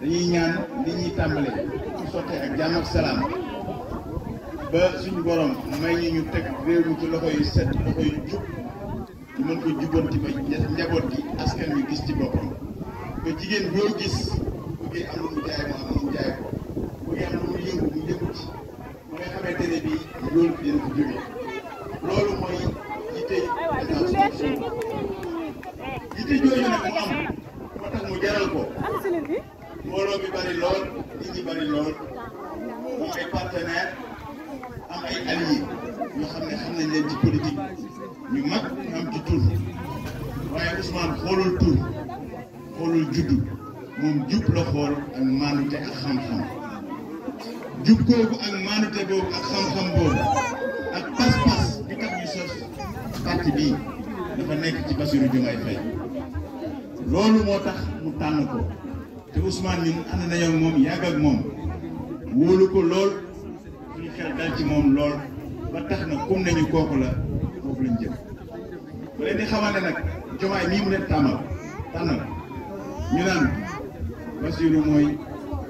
dañuy ñaan li ñuy tàmbale su sottee ak jàmm ak salaam ba suñu borom may ñu teg réew mi ci loxo yu set loxo yu jub ñu mën ko jubbanti ba njaboot gi askan wi gis ci boppam ba jigéen boo gis bu am am lu mu jaay bu am lu mu yëngu mu yëngu ci mu nga xamante ne bii loolu dina ko jógee loolu mooy yitte état suñu yitte jooju nag mu moo tax mu jaral ko. mbooloo mi bari lool nit ñi bari lool am ay partenaires am ay alliés yoo xam ne xam nañ leen ci politique ñu mag am ci tur waaye Ousmane xoolul tur xoolul juddu moom jub la xool ak maanute ak xam-xam jub googu ak maanute boobu ak xam-xam boobu ak pas-pas bi tax ñu sos parti bii dafa nekk ci Bassirou Diomaye Faye loolu moo tax mu tànn ko. te Ousmane ñun ànd nañoo ak moom yàgg ak moom wóolu ko lool suñu xel dal ci moom lool ba tax na comme nañu kooku la foofu lañ jëm ba leen di xamal nag jomaay mii mu leen tàmmal tànnal ñu naan Bassirou mooy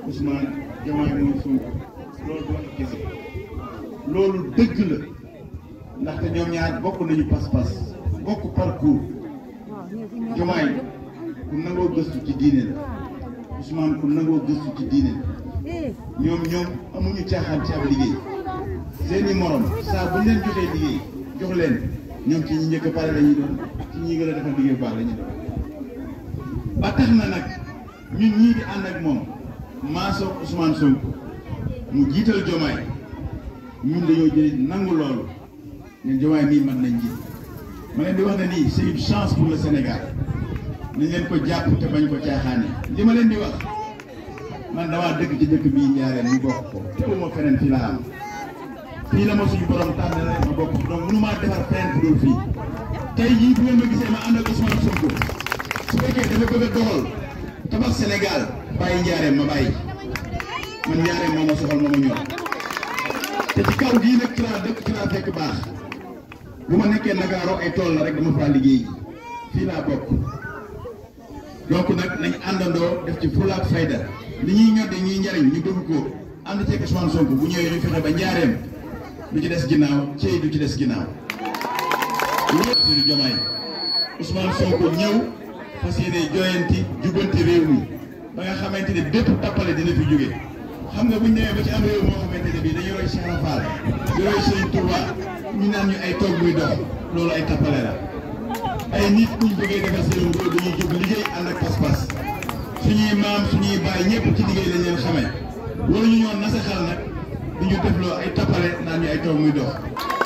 Ousmane jomaay mooy Sonko loolu du wax kese loolu dëgg la ndaxte ñoom ñaar bokk nañu pas-pas bokk parcours jomaay ku nangoo gëstu ci diine la Ousmane ku nangoo gëstu ci diine eh. ñoom ñoom amuñu caaxaan ci ab liggéey seeni morom saa bu ñu joxee liggéey jox leen ñoom ci ñi njëkk pare la ñuy doon ci ñi gën a liggéey bu baax la ba tax na nag ñun ñii di ànd ak moom maasoo Ousmane Sonko mu jiital jomaay ñun dañoo jëlee nangu loolu ne jomaay mii mën nañ jiit ma leen di wax na nii c'est chance pour le Sénégal nañ leen ko jàpp te bañ ko caaxaane li ma leen di wax man damaa dëkk ci dëkk bii njaareen mu bokk ko teewuma feneen fii laa am fii la ma suñu borom tànnalee ma bokk donc mënumaa defar feneen bu dul fii tey jii bu ngeen ma gisee ma ànd ak Ousmane Sonko su fekkee dafa bëgg a doxal tabax Sénégal bàyyi njaareem ma bàyyi man njaareem moo ma soxal moo ma ñor te ci kaw gii nag ci laa dëkk ci laa fekk baax bu ma nekkee Ndakaaru ay tool la rek dama liggéey fii donc nag nañ àndandoo def ci fulaak fayda li ñuy ñodde ñuy njariñ ñu bëgg ko ànd ceeg Ousmane Sonko bu ñëwee ñu fexe ba njaareem du ci des ginnaaw cey du ci des ginnaaw Bassirou Diomaye Ousmane Sonko ñëw fas yéene joyanti jubbanti réew mi ba nga xamante ne bépp tappale dina fi jóge xam nga bu ñu demee ba ci am réew moo xamante ne bii dañu roy Cheikh Rafal di roy Serigne Touba ñu naan ñu ay toog muy dox loolu ay tappale la ay nit buñ bëggee defar seen réew dañuy jóg liggéey ànd ak pas-pas suñuy maam suñuy baay ñëpp ci liggéey lañ leen xamee ñu ñoon nasaxal nag di ñu defloo ay tappale naan ñu ay toog muy dox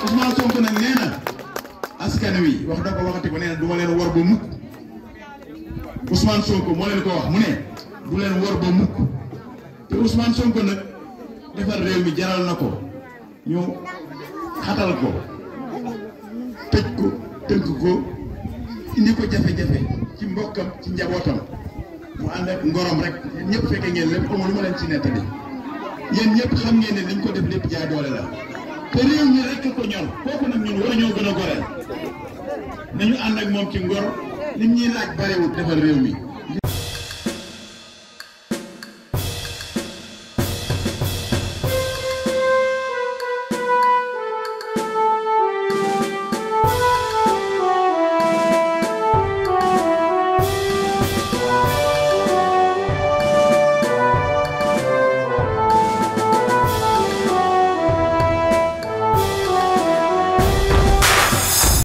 Ousmane Sonko nag nee na askan wi wax da ko waxati ko nee na du leen war ba mukk Ousmane Sonko wax mu ne du leen war ba mukk te nag defar réew mi jaral na ko ñu xatal ko tëj ko tënk ko indi ko jafe-jafe ci mbokkam ci njabootam mu ànd ak ngorom rek ñëpp fekke ngeen lépp amul lu ma leen ci nettali yéen ñëpp xam ngeen ne liñ ko def lépp jaay doole la te réew mi rek ko ñor kooku nag ñun war a ñoo gën a goreel nañu ànd ak moom ci ngor lim ñuy laaj barewut defal réew mi.